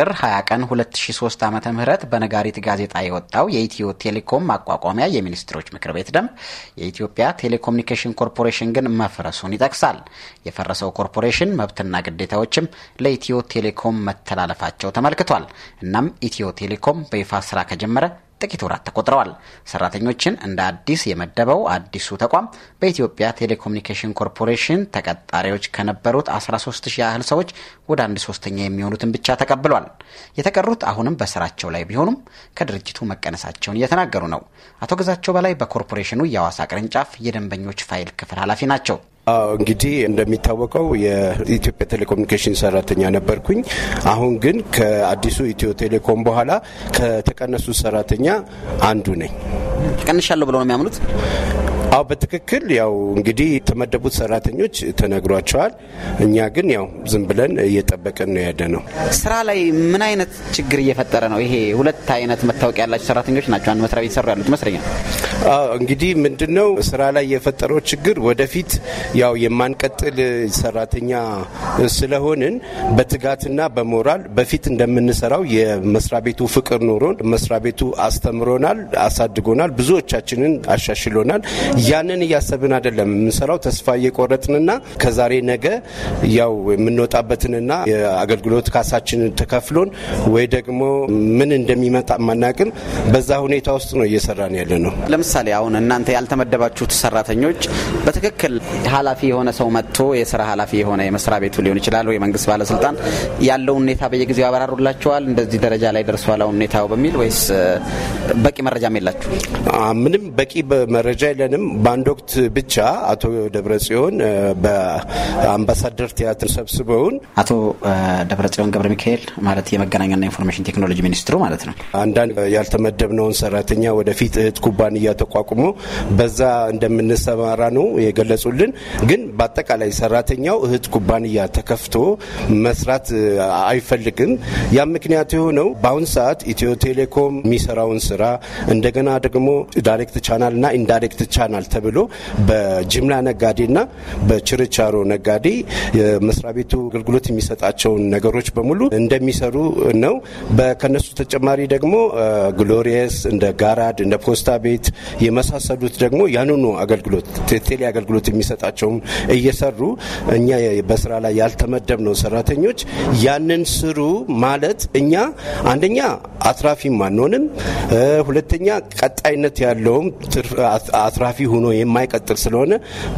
ጥር 20 ቀን 2003 ዓ ም በነጋሪት ጋዜጣ የወጣው የኢትዮ ቴሌኮም ማቋቋሚያ የሚኒስትሮች ምክር ቤት ደንብ የኢትዮጵያ ቴሌኮሙኒኬሽን ኮርፖሬሽን ግን መፍረሱን ይጠቅሳል። የፈረሰው ኮርፖሬሽን መብትና ግዴታዎችም ለኢትዮ ቴሌኮም መተላለፋቸው ተመልክቷል። እናም ኢትዮ ቴሌኮም በይፋ ስራ ከጀመረ ጥቂት ወራት ተቆጥረዋል። ሰራተኞችን እንደ አዲስ የመደበው አዲሱ ተቋም በኢትዮጵያ ቴሌኮሙኒኬሽን ኮርፖሬሽን ተቀጣሪዎች ከነበሩት 13 ሺህ ያህል ሰዎች ወደ አንድ ሶስተኛ የሚሆኑትን ብቻ ተቀብሏል። የተቀሩት አሁንም በስራቸው ላይ ቢሆኑም ከድርጅቱ መቀነሳቸውን እየተናገሩ ነው። አቶ ግዛቸው በላይ በኮርፖሬሽኑ የአዋሳ ቅርንጫፍ የደንበኞች ፋይል ክፍል ኃላፊ ናቸው። እንግዲህ እንደሚታወቀው የኢትዮጵያ ቴሌኮሙኒኬሽን ሰራተኛ ነበርኩኝ። አሁን ግን ከአዲሱ ኢትዮ ቴሌኮም በኋላ ከተቀነሱ ሰራተኛ አንዱ ነኝ። ቀንሻለሁ ብለው ነው የሚያምኑት? አዎ በትክክል ያው እንግዲህ የተመደቡት ሰራተኞች ተነግሯቸዋል። እኛ ግን ያው ዝም ብለን እየጠበቅን ነው ያደ ነው። ስራ ላይ ምን አይነት ችግር እየፈጠረ ነው? ይሄ ሁለት አይነት መታወቂያ ያላቸው ሰራተኞች ናቸው አንድ መስሪያ ቤት ሰሩ ያሉት ይመስለኛል። እንግዲህ ምንድነው ስራ ላይ የፈጠረው ችግር ወደፊት ያው የማንቀጥል ሰራተኛ ስለሆንን በትጋትና በሞራል በፊት እንደምንሰራው የመስሪያ ቤቱ ፍቅር ኖሮን መስሪያ ቤቱ አስተምሮናል፣ አሳድጎናል፣ ብዙዎቻችንን አሻሽሎናል። ያንን እያሰብን አይደለም የምንሰራው ተስፋ እየቆረጥንና ከዛሬ ነገ ያው የምንወጣበትንና የአገልግሎት ካሳችን ተከፍሎን ወይ ደግሞ ምን እንደሚመጣ ማናቅም በዛ ሁኔታ ውስጥ ነው እየሰራን ያለ ነው። ለምሳሌ አሁን እናንተ ያልተመደባችሁት ሰራተኞች በትክክል ኃላፊ የሆነ ሰው መጥቶ የስራ ኃላፊ የሆነ የመስሪያ ቤቱ ሊሆን ይችላል ወይ መንግስት ባለስልጣን ያለውን ሁኔታ በየጊዜው ያበራሩላቸዋል እንደዚህ ደረጃ ላይ ደርሷል አሁን ሁኔታው በሚል ወይስ በቂ መረጃም የላችሁ? ምንም በቂ መረጃ የለንም። በአንድ ወቅት ብቻ አቶ ደብረ ጽዮን በአምባሳደር ቲያትር ሰብስበውን አቶ ደብረ ጽዮን ገብረ ሚካኤል ማለት የመገናኛና ኢንፎርሜሽን ቴክኖሎጂ ሚኒስትሩ ማለት ነው አንዳንድ ያልተመደብነውን ሰራተኛ ወደፊት እህት ኩባንያ ተቋቁሞ በዛ እንደምንሰማራ ነው የገለጹልን። ግን በአጠቃላይ ሰራተኛው እህት ኩባንያ ተከፍቶ መስራት አይፈልግም። ያም ምክንያት የሆነው በአሁን ሰዓት ኢትዮ ቴሌኮም የሚሰራውን ስራ እንደገና ደግሞ ዳይሬክት ቻናል እና ኢንዳይሬክት ቻናል ተብሎ በጅምላ ነጋዴ እና በችርቻሮ ነጋዴ የመስሪያ ቤቱ አገልግሎት የሚሰጣቸውን ነገሮች በሙሉ እንደሚሰሩ ነው። ከነሱ ተጨማሪ ደግሞ ግሎሪየስ እንደ ጋራድ እንደ ፖስታ ቤት የመሳሰሉት ደግሞ ያንኑ አገልግሎት ቴሌ አገልግሎት የሚሰጣቸውም እየሰሩ እኛ በስራ ላይ ያልተመደብነው ሰራተኞች ያንን ስሩ ማለት እኛ አንደኛ አትራፊም አንሆንም፣ ሁለተኛ ቀጣይነት ያለውም አትራፊ ሆኖ የማይቀጥል ስለሆነ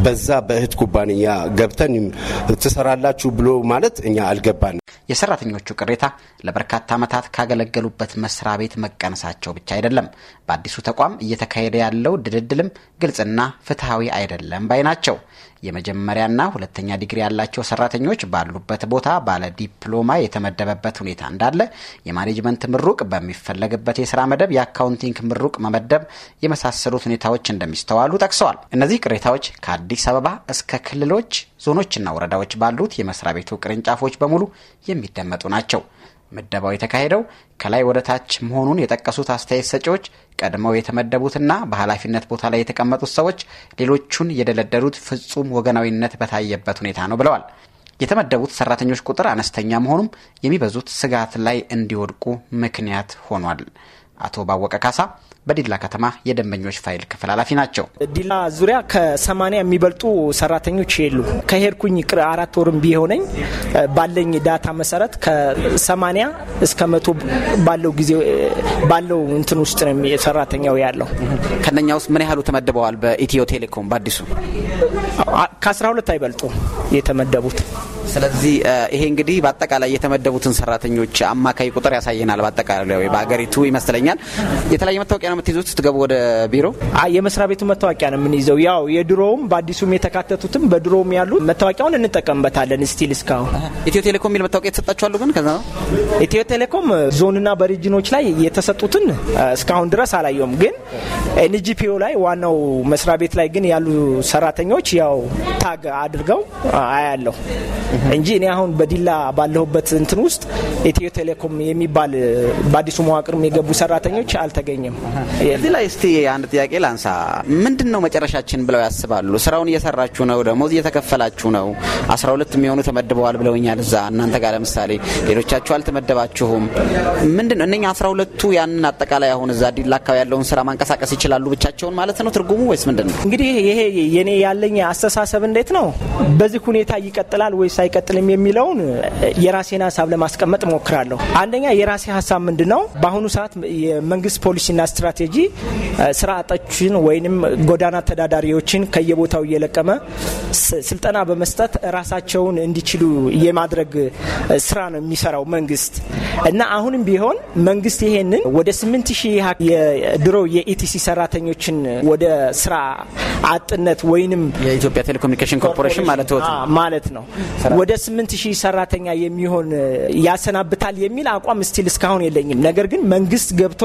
በዛ በእህት ኩባንያ ገብተን ትሰራላችሁ ብሎ ማለት እኛ አልገባንም። የሰራተኞቹ ቅሬታ ለበርካታ ዓመታት ካገለገሉበት መስሪያ ቤት መቀነሳቸው ብቻ አይደለም። በአዲሱ ተቋም እየተካሄደ ያለው ድልድልም ግልጽና ፍትሐዊ አይደለም ባይ ናቸው። የመጀመሪያና ሁለተኛ ዲግሪ ያላቸው ሰራተኞች ባሉበት ቦታ ባለ ዲፕሎማ የተመደበበት ሁኔታ እንዳለ፣ የማኔጅመንት ምሩቅ በሚፈለግበት የስራ መደብ የአካውንቲንግ ምሩቅ መመደብ የመሳሰሉት ሁኔታዎች እንደሚስተዋሉ ጠቅሰዋል። እነዚህ ቅሬታዎች ከአዲስ አበባ እስከ ክልሎች ዞኖችና ወረዳዎች ባሉት የመስሪያ ቤቱ ቅርንጫፎች በሙሉ የሚደመጡ ናቸው። ምደባው የተካሄደው ከላይ ወደ ታች መሆኑን የጠቀሱት አስተያየት ሰጪዎች ቀድመው የተመደቡትና በኃላፊነት ቦታ ላይ የተቀመጡት ሰዎች ሌሎቹን የደለደሉት ፍጹም ወገናዊነት በታየበት ሁኔታ ነው ብለዋል። የተመደቡት ሰራተኞች ቁጥር አነስተኛ መሆኑም የሚበዙት ስጋት ላይ እንዲወድቁ ምክንያት ሆኗል። አቶ ባወቀ ካሳ በዲላ ከተማ የደንበኞች ፋይል ክፍል ኃላፊ ናቸው። ዲላ ዙሪያ ከሰማንያ የሚበልጡ ሰራተኞች የሉ ከሄድኩኝ ቅር አራት ወርም ቢሆነኝ ባለኝ ዳታ መሰረት ከሰማንያ እስከ መቶ ባለው ጊዜ ባለው እንትን ውስጥ ነው ሰራተኛው ያለው። ከነኛ ውስጥ ምን ያህሉ ተመድበዋል? በኢትዮ ቴሌኮም በአዲሱ ከአስራ ሁለት አይበልጡ የተመደቡት ስለዚህ ይሄ እንግዲህ በአጠቃላይ የተመደቡትን ሰራተኞች አማካይ ቁጥር ያሳየናል። በአጠቃላይ በሀገሪቱ ይመስለኛል የተለያየ መታወቂያ ነው የምትይዙት ስትገቡ ወደ ቢሮ? የመስሪያ ቤቱ መታወቂያ ነው የምንይዘው። ያው የድሮውም በአዲሱም የተካተቱትም በድሮውም ያሉ መታወቂያውን እንጠቀምበታለን። ስቲል እስካሁን ኢትዮ ቴሌኮም የሚል መታወቂያ የተሰጣችኋሉ? ግን ከዛ ኢትዮ ቴሌኮም ዞንና በሪጅኖች ላይ የተሰጡትን እስካሁን ድረስ አላየውም። ግን ኤንጂፒኦ ላይ ዋናው መስሪያ ቤት ላይ ግን ያሉ ሰራተኞች ያው ታግ አድርገው አያለሁ። እንጂ እኔ አሁን በዲላ ባለሁበት እንትን ውስጥ ኢትዮ ቴሌኮም የሚባል በአዲሱ መዋቅር የገቡ ሰራተኞች አልተገኘም። እዚህ ላይ እስቲ አንድ ጥያቄ ላንሳ። ምንድን ነው መጨረሻችን ብለው ያስባሉ? ስራውን እየሰራችሁ ነው፣ ደሞዝ እየተከፈላችሁ ነው። አስራ ሁለት የሚሆኑ ተመድበዋል ብለውኛል እዛ እናንተ ጋር ለምሳሌ፣ ሌሎቻችሁ አልተመደባችሁም። ምንድን ነው እነኛ አስራ ሁለቱ ያንን አጠቃላይ አሁን እዛ ዲላ አካባቢ ያለውን ስራ ማንቀሳቀስ ይችላሉ ብቻቸውን ማለት ነው ትርጉሙ ወይስ ምንድን ነው? እንግዲህ ይሄ የኔ ያለኝ አስተሳሰብ እንዴት ነው በዚህ ሁኔታ ይቀጥላል ወይስ አይቀጥልም የሚለውን የራሴን ሀሳብ ለማስቀመጥ ሞክራለሁ። አንደኛ የራሴ ሀሳብ ምንድን ነው? በአሁኑ ሰዓት የመንግስት ፖሊሲና ስትራቴጂ ስራ አጦችን ወይም ጎዳና ተዳዳሪዎችን ከየቦታው እየለቀመ ስልጠና በመስጠት ራሳቸውን እንዲችሉ የማድረግ ስራ ነው የሚሰራው መንግስት እና አሁንም ቢሆን መንግስት ይሄንን ወደ ስምንት ሺህ የድሮ የኢቲሲ ሰራተኞችን ወደ ስራ አጥነት ወይንም የኢትዮጵያ ቴሌኮሙኒኬሽን ኮርፖሬሽን ማለት ነው ወደ ስምንት ሺህ ሰራተኛ የሚሆን ያሰናብታል የሚል አቋም ስቲል እስካሁን የለኝም። ነገር ግን መንግስት ገብቶ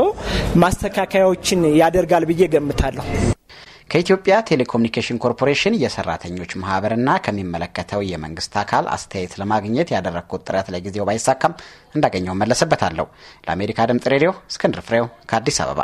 ማስተካከያዎችን ያደርጋል ብዬ ገምታለሁ። ከኢትዮጵያ ቴሌኮሙኒኬሽን ኮርፖሬሽን የሰራተኞች ማህበርና ከሚመለከተው የመንግስት አካል አስተያየት ለማግኘት ያደረግኩት ጥረት ለጊዜው ባይሳካም እንዳገኘው መለስበታለሁ። ለአሜሪካ ድምጽ ሬዲዮ እስክንድር ፍሬው ከአዲስ አበባ